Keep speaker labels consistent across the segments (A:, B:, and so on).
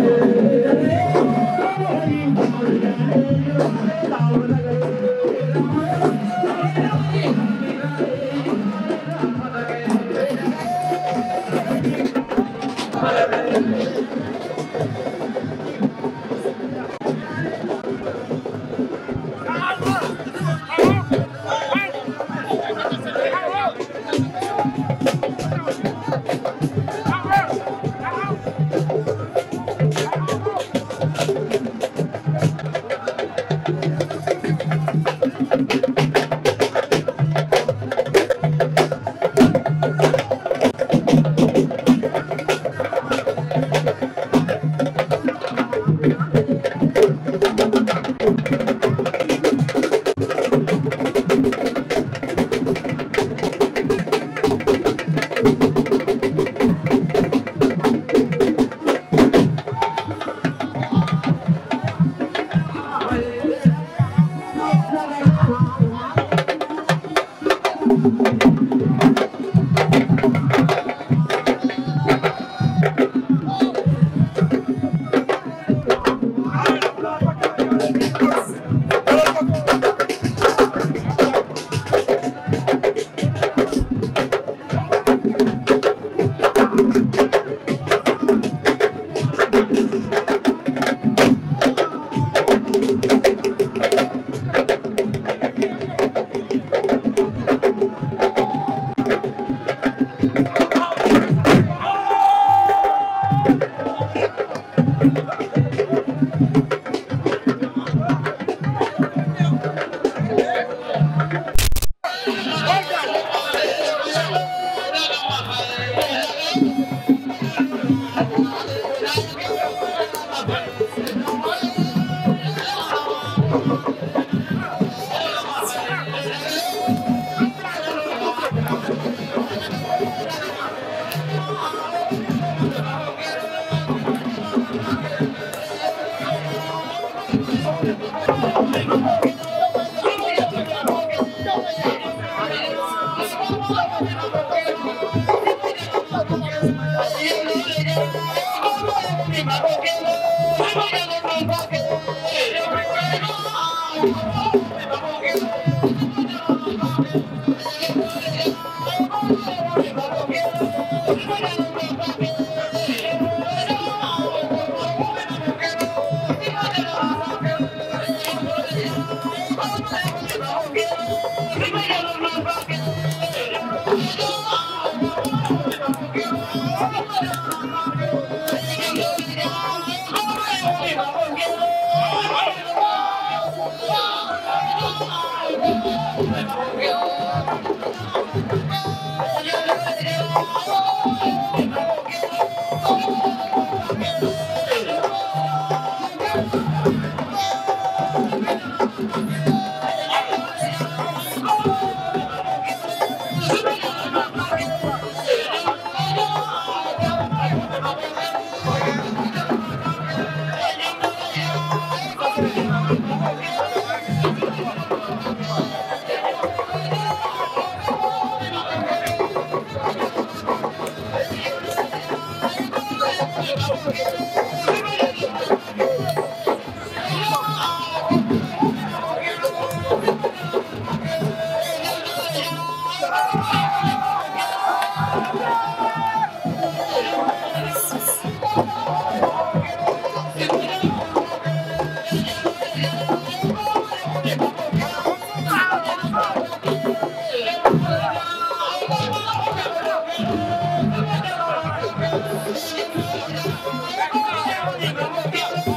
A: Thank you.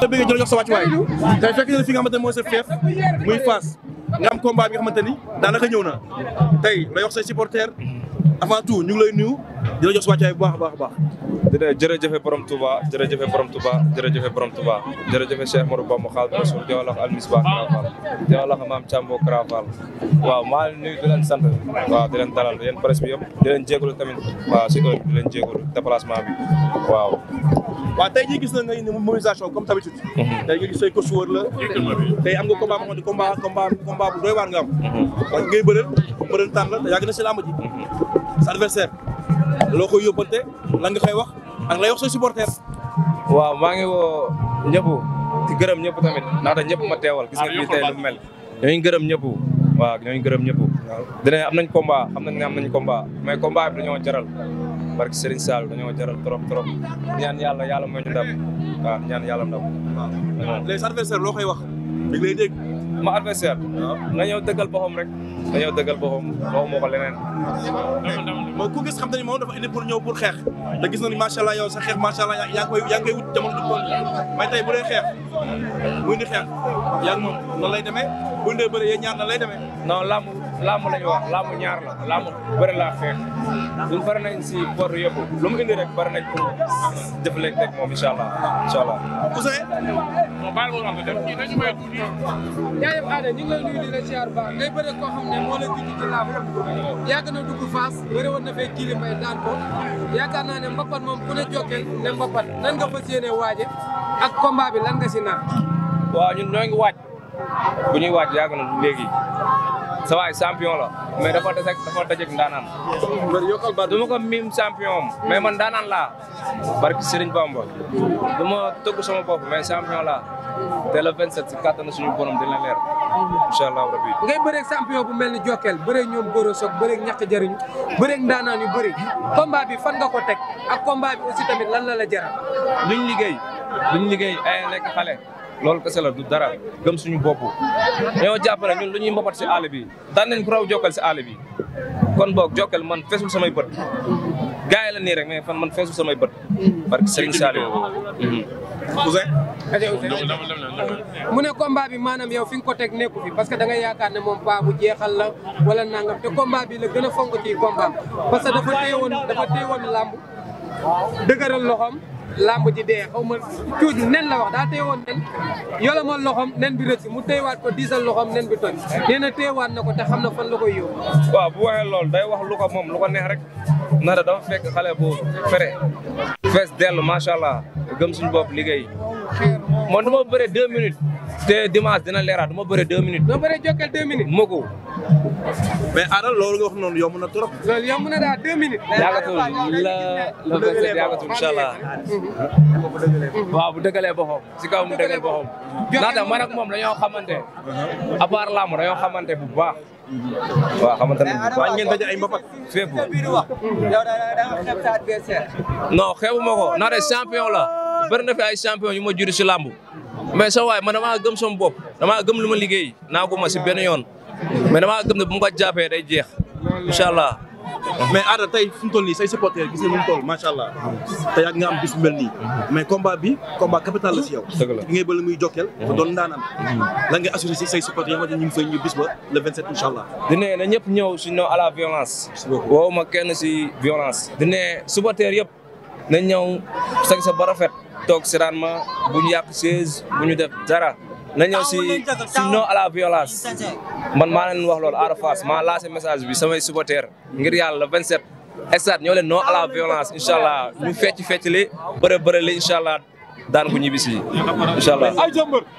B: te bëgg jël jox sa wàccuwaay fekk fi nga xamante ne mooy sa fief muy Fass nga am combat bi nga xamante ni daanaka ñëw na tey la yox say supporters avant ñu ngi lay nuyu di la jox sa wàccuwaay bu baax a baax a baax. jërëjëfe borom Touba jërëjëfe borom Touba
C: jërëjëfe borom Touba jërëjëfe Cheikh Modou Bamba Xaadimu Rasuul jawlax Al Misbah Karafal jawlax maam Thiambo Karafal waaw maa ngi nuyu di leen sant waaw di leen dalal yéen presse bi yëpp di leen jégalu tamit
B: waaw si heure bi di leen jégalu déplacement bi waaw waaw tey jii gis na nga indi mobilisation comme d'habitude mhm. tey nga gis say ko suwër la tey am nga combat moo xam ne combat combat combat bu doy waar nga am parce mhm. que ngay bëreel bëreel tànn la te yàgg na si lamb ji mhm. sa adversaire loo koy yóbbante lan nga koy wax ak lay wax sa supporter waaw maa ngi
C: woo ñëpp di gërëm ñëpp tamit ndaxte ñëpp ma teewal gis nga ah, fii tey lu mel ñooñu gërëm ñëpp waaw ñooñu gërëm ñëpp dinañ am nañ combat xam nañ ne am nañ combat mais combat bi dañoo jaral barke Serigne Sall dañoo jaral trop trop ñaan yàlla yàlla mooy ñu ndam waaw ñaan yàlla ndam les adversaires loo koy wax mi ngi ma adversaire nga
B: ñëw dëggal boppam rek nga ñëw dëggal boppam waxuma ko leneen. moom ku gis xam te ni moom dafa indi pour ñëw pour xeex te gis na ni macha allah yow sa xeex macha allah yaa ngi koy yaa ngi koy wut jamono duggoon may tey bu dee xeex muy indi xeex yaa ngi moom nan lay demee bu dee bëri yéen ñaar nan lay demee. làmb lañu wax làmb ñaar la làmb bëri laa xeex ñun
C: bëri nañ si bor yëpp lu mu indi rek bëri nañ pour jëfaleeg rek moom incha allah incha allah.
D: Ousseyn. moom baal ma wax dëgg dañu may ku ñu. jaajëf Adé ñu ngi lay nuyu ngay bëre koo xam ne moo la judd ci làmb yàgg na dugg Fass woon na fee kii li may daan ko yaakaar naa ne mbapat moom ku ne jokkeel ne mbapat nan nga fas yéene waaje ak combat bi lan nga si naan. waaw ñun ñoo ngi waaj
C: bu ñuy waaj yàgg na léegi. sa waay champion la mais dafa des ak dafa dajeeg ndaanaan. du ma miim champion am mais man ndaanaan la barki Serigne Bamba du ma tëgg sama bopp mais champion laa te le 27 si kàttanu suñu borom dina leer incha allahu rabi.
D: ngay bëreeg champion bu mel ni Jokal bëreeg ñoom Goro Sock bëreeg ñàkk jëriñ bëreeg ndaanaan yu bëri combat bi fan nga ko teg ak combat bi aussi tamit lan la la jaral. luñ liggéey luñ
C: liggéey ay nekk xale. loolu kese la du dara gëm suñu bopp dañoo jàpp ne ñun lu ñuy mbapat si àll bi daan nañ ko raw jokkal si àll bi kon boog jokkal man feesul samay bët gaa yi la nii rek mais fan man feesul samay bët parce que Serigne Saliou
D: Ousseyn mu ne combat bi maanaam fi nga ko teg nekku fi parce que da nga yaakaar ne moom baa bu jeexal la wala nangam te combat bi la gën a fonk ci combat parce que dafa téye woon dafa téye woon làmb loxoom làmb ji dee xaw ma cuuj nen la wax daa téyewoon nen yola ma loxoom nen bi rëcc mu téyewaat ko diisal loxoom nen bi toj nee na téyewaat na ko te xam na fan la koy yóbbu waaw bu waxee loolu day wax lu ko moom lu ko neex rek
C: nara dafa fekk xale bu fere fees dell macha allah gëm suñu bopp liggéey man duma bëre deux minutes te dimanche dina leeraat du ma bëre deux minutes.
D: doo bëre jokkal deux
B: minutes. ma ko. mais Ada loolu nga wax noonu yomb na trop. loolu yomb na daal
D: deux minutes. yaakaar la la bëgg a yaakaar allah.
B: bu dëggalee
C: boppam si kaw mu dëggalee boppam. naata man ak moom dañoo xamante. à part laamu dañoo xamante bu baax. waaw xamante ne bu baax ngeen daje ay mbapat fépp. non xeebu ko naata champion la bëri na fi ay champion yu ma juri si làmb. mais sa waay man damaa gëm sama bopp damaa gëm lu ma liggéey naa ko ma si benn yoon mais damaa gëm ne bu ma ko jàppee day jeex incha allah. mais Ada tey fu mu toll
B: nii say supporter gis nga nu mu toll macha allah te yàgg nga am bis bu nii mais combat bi combat capital la si yow. dëgg la muy jokkeel. te doon ndaanam. lan ngay assuré si say ñu ngi fay ñu bis ba
C: le 27 allah. di ne na ñëpp ñëw si non à la violence. woowu ma kenn si violence. di ne supporter yëpp na ñëw sañ sa ba rafet. toog seetaan ma bu ñu yàq chaise bu ñu def dara na si si non la violence man maa leen wax loolu Ada Fass maa lancé message bi samay supporters ngir yàlla 27 stade ñoo leen non à la violence incha allah ñu fecc fecc li bëre bëre daan ko ñibbi si incha allah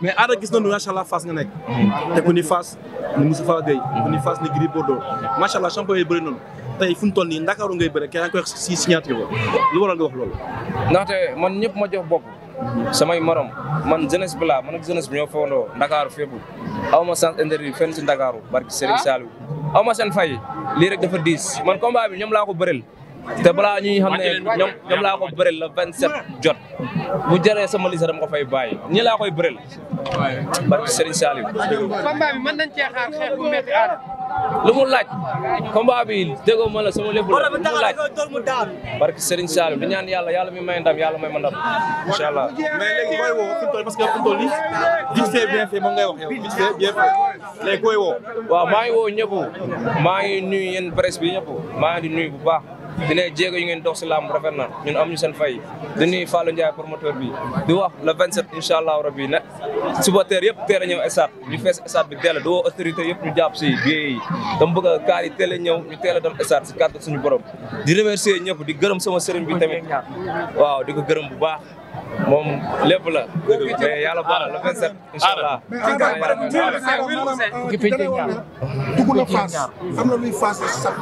B: mais gis nañu macha allah Fass nga nekk hmm. te ku ni Fass tey fu mu toll nii ndakaaru ngay bëre kenn koy wax si signature ba lu waral nga wax loolu. ndaxte man ñëpp ma jox bopp. samay
C: morom man jeunesse bi laa man ak jeunesse bi ñoo fowandoo ndakaaru feebu aw ma sens interdit fen si ndakaaru barki Serigne Saliou aw ma seen fay lii rek dafa diis man combat bi ñoom laa ko bëreel te balaa ñuy xam ne ñoom ñoom laa ko bëreel la vingt sept jot bu jëree sama liste dama ko fay bàyyi ñi laa koy bëreel barke Serigne Saliou
D: combat bi mën nañ cee xaar xeex bu metti aar lu mu laaj
C: combat bi déggoo ma la sama lépp la lu
D: mu laaj barke
C: Serigne Saliou di ñaan yàlla yàlla mi may ndam yàlla may ma ndam incha allah mais léegi koy que fi mu toll nii vite c'est bien maa ngi woo maa ngi nuyu yéen presse bi ñëpp ngi di bu baax di ne jéego yu ngeen dox si làmb rafet na ñun am ñu seen fay di nuyu Fallou promoteur bi di wax le 27 incha allah rabi na supporter yëpp teel a ñëw stade ñu fees stade bi teel a di woo autorité yëpp ñu jàpp si biir yi dama bëgg a kaar teel a ñëw ñu teel a dem stade si kàttan suñu borom di remercier ñëpp di gërëm sama sëriñ bi tamit waaw di ko gërëm bu baax moom lépp la. mais yàlla baax na le 27. incha allah dugg na
B: Fass am na luy Fass sax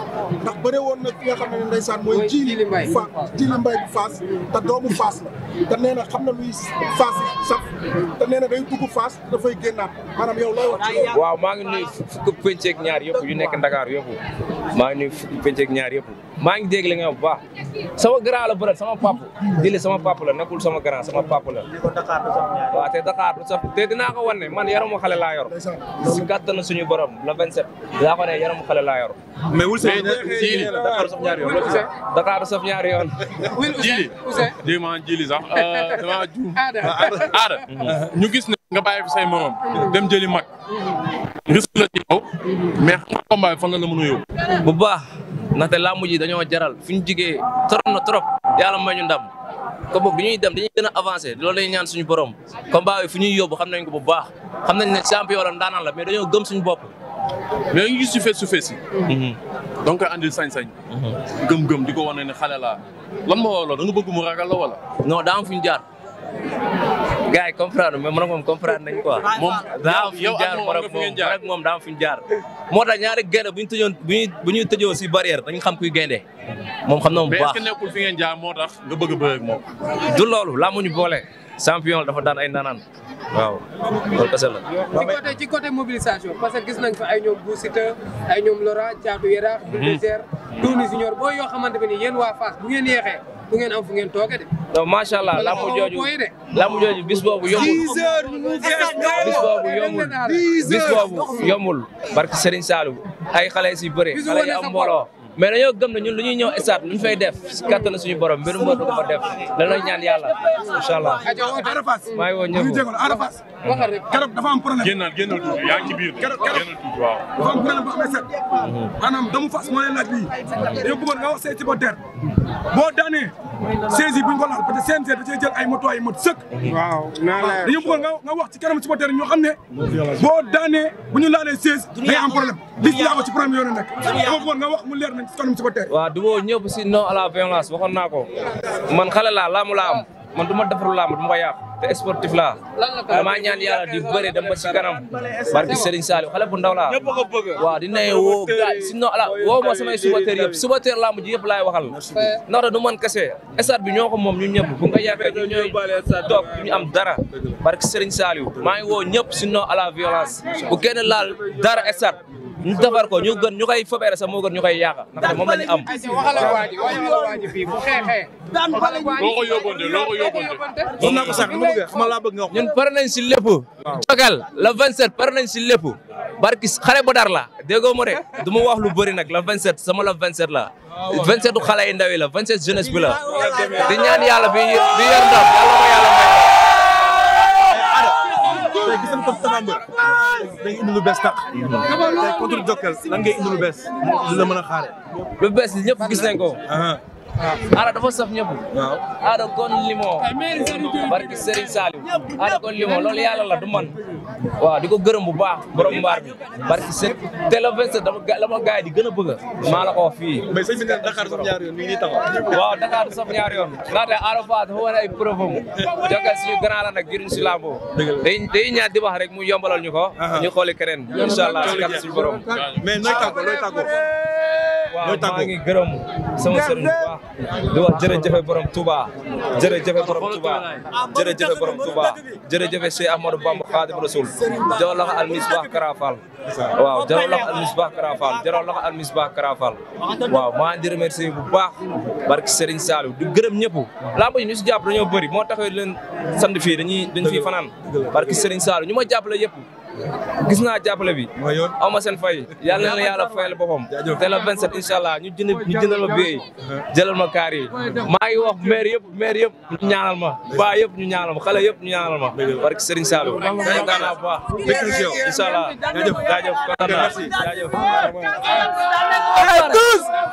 B: ndax bëre na ki nga xam ne ndeysaan mooy Djily Mbaye Fass Djily Mbaye bu Fass te doomu Fass la te nee na xam na luy Fass sax te nee na day dugg Fass dafay génnaat maanaam yow looy wax waaw maa ngi nuyu
C: fukki penc ñaar yëpp yu nekk Ndakaar yëpp maa ngi nuyu fukki ñaar yëpp. maa ngi dégg li nga bu baax sama grand la bëreet sama papa dili sama papa la kul sama grand sama papa la waaw te Dakar saf te dinaa ko wan ne man yaramu xale laa yor si kàttanu suñu borom la 27 daa ko ne yaramu xale laa yor mais wul seen jili saf ñaari yoon Dakar
B: jili jili jili sax euh,
A: dama juum
C: aada
B: ñu gis ne nga bàyyi fi say morom dem jëli mag gis la ci yow
C: mais xam nga fan la la mën a yóbbu bu ndaxte làmb ji dañoo jaral fi ñu jigee trop na trop yàlla may ñu ndam ko boog bi ñuy dem dañuy gën a avancé loolu lañuy ñaan suñu borom combat bi fu ñuy yóbbu xam nañ ko bu baax xam nañ ne champion la ndaanaan la mais dañoo gëm suñu bopp
B: mais ñu gis su fees su fees si donc andil sañ-sañ mhm. gëm-gëm di ko wane ne xale laa lan ma wala da nga bëgg la wala non daa am jaar
C: gars yi comprendre mais a ak moom comprendre nañ quoi. moom daa am fu ñu jaar man ak moom man ak moom jaar. moo tax ñaari gaynde bu ñuy bu si barrière dañu xam kuy gaynde moom xam na moom baax a du loolu laa boole champion la dafa daan ay naanaan. waaw loolu kese
D: la. ci côté gis nañ fa ay ñoom Boussita ay ñoom Lora Thiatou Yara. Mhm. Bulldozer Tony Junior boo yoo xamante ne yéen waa Fass bu ngeen yeexee bu ngeen am fu ngeen toogee de. non macha allah lambu jooju lambu jooju bis
C: boobu yombul.
D: bis boobu yombul bis boobu yombul.
C: barke Serigne Saliou ay xale si bëre xale yi am mbooloo. mais dañoo gëm ne ñun lu ñuy ñëw stade lu ñu fay def si kattan suñu borom mbirum mbër du ko def danañ ñaan yàlla incha allah.
D: maa ngi woo ñëpp keroog
B: dafa am problème. génnal génnal tuuti yaa ngi ci
C: biir keroog génnal tuuti waaw.
B: dafa am problème bu amee set. maanaam doomu fas moo leen laaj lii. dañoo bëggoon nga wax say supporter boo daanee saisi bu ñu ko laal parce que CNG da cee jël ay moto ay mot sëkk. waaw naa la dañoo bëggoon nga wax ci kanam supporter ñoo xam ne. boo daanee bu ñu laalee saisi day am problème. lii ci laa ko ci problème yoonu nekk dama bëggoon nga wax mu leer na waaw du woo ñëpp si non à
C: la violence waxoon naa ko man xale laa laamu laa man du ma defaru laam du ma ko yàq te sportif laa
A: damaa ñaan yàlla
C: di bëre dem si kanam barki Serigne Saliou xale bu ndaw laa waaw di ne woo gars si non ala woo ma samay supporters yëpp supporters laamu ji yëpp laay waxal ndax da du man kese stade bi ñoo ko moom ñun ñëpp bu nga ñu ñooy toog ñu am dara barki Serigne Saliou maa ngi woo ñëpp si non à la violence bu kenn ñu defar ko ñu gën ñu koy fobere sax moo gën ñu koy yaaqa ndax moom lañu
D: am loo ko yóbbante
C: nu pare nañ si lépp jogal la 27 pare nañ si lépp barki xale bu dar la déggoo ma rek du ma wax lu bëri nag la 27 ah, sama la 27 la 27 xale yi ndaw la 27 jeunesse bi la ah,
B: di ñaan yàlla bi bi
C: yor
B: comme Tafambeur da ngay indi lu bees tax. tey contre Jokal lan ngay indi lu bees. lu la mën a xaare. lu bees li ñëpp gis nañ ko. Ah.
C: aada ah. dafa saf ñëpp. waaw aada gon limo. barki Serigne Saliou. aada gon limo loolu yàlla la du man. di ko gërëm bu baa borom mbaar bi. barki Serigne te le 27 dama ga dama gars yi di gën a bëgg a. maa la ko wax fii. mais sëñ bi ne Dakar saf ñaari yoon mi ngi taxaw. waaw Dakar saf ñaari yoon. ndaxte aada Fass dafa la nag jëriñ si lambo. dëgg la day day ñaan di wax mu yombalal ñu ko. Ah. ñu xooli keneen. incha allah si kàddu suñu borom. ñooy tàggoo maa ngi gërëm sama sëriñ bu
A: baax
C: di wax jërëjëf borom Touba jërëjëf borom Touba jërëjëf ah, borom Touba jërëjëf Cheikh Ahmadou Bamba Khadim Rasoul jaraw laxa al misbah karafal waaw jaraw laxa al misbah karafal jaraw laxa al misbah karafal waaw maa ngi di remercier bu baax barke Serigne saalu di gërëm ñëpp lamb yi ñu si jàpp dañoo bëri moo tax leen sant fii dañuy dañ fii fanaan barke Serigne Saliou ñu ma jàppale yëpp gis naa jàppale bi. mooy yoon aw ma seen fay. yàlla na yàlla fayal boppam. jaajëf te le 27 incha allah ñu ma billet uh-huh. jëlal ma kaar yi. maa ngi wax maire yëpp maire yëpp ñu ñaanal ma. ba yëpp ñu ñaanal ma xale yëpp ñu ñaanal ma. barke Serigne Saliou. kontaan naa bu baax. incha allah jaajëf jaajëf
A: kontaan naa